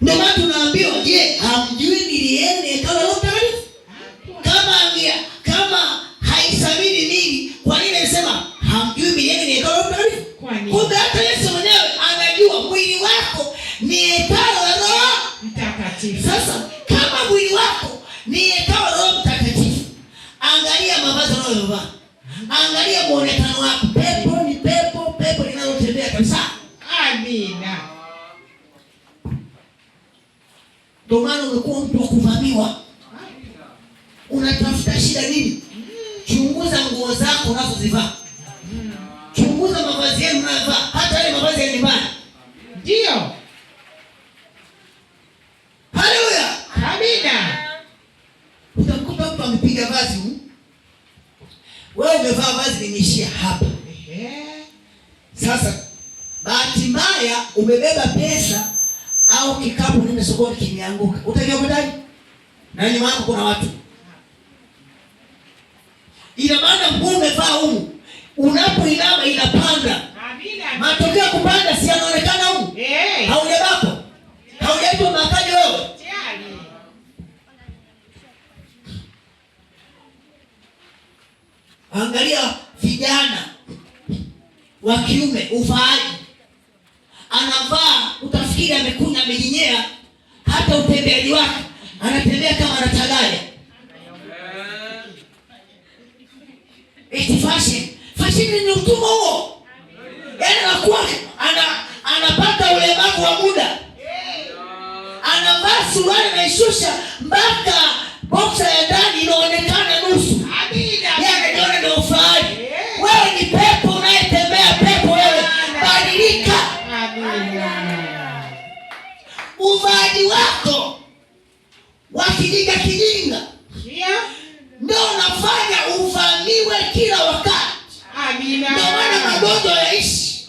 Ndio maana tunaambiwa, je, hamjui mili yenu ni hekalu la Roho Mtakatifu? Kama angia, kama haisamini mili, kwa nini anasema hamjui mili yenu ni hekalu la Roho Mtakatifu? Kumbe hata Yesu mwenyewe anajua mwili wako ni hekalu la Roho Mtakatifu. Sasa kama mwili wako ni hekalu la Roho Mtakatifu, angalia mavazi unayovaa, angalia muonekano wako, pepo Ndio maana umekuwa mtu wa kuvamiwa. Unatafuta shida nini? Chunguza nguo zako unazozivaa, chunguza mavazi yenu unayovaa, hata yale mavazi ya nyumbani. Ndio, haleluya, amina. mtu amepiga vazi, wewe umevaa vazi limeishia hapa. Sasa bahati mbaya umebeba pesa au kikapu nime sokoni kimeanguka, utakioketaje? Na nyuma yako kuna watu. Ina maana mguu umevaa huu. unapoinama inapanda. Amina. Matokeo ya kupanda si yanaonekana huu? humu? Eh. Haujabako, haujaitwa makaji wewe. Angalia vijana wa kiume ufaaji akili amekuna amejinyea, hata utembeaji wake anatembea kama anatagaya. Eh, eti fashion fashion ni utumwa huo, yani anakuwa ana anapata ulemavu wa muda, anavaa suruali naishusha mpaka boksa ya ndani uvaaji wako wa kijinga kijinga ndo unafanya uvamiwe kila wakati. ndo Ndio maana magonjwa yaishi,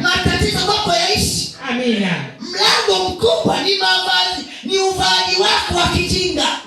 matatizo mako yaishi. Mlango mkubwa ni mavazi, ni uvaaji wako wa kijinga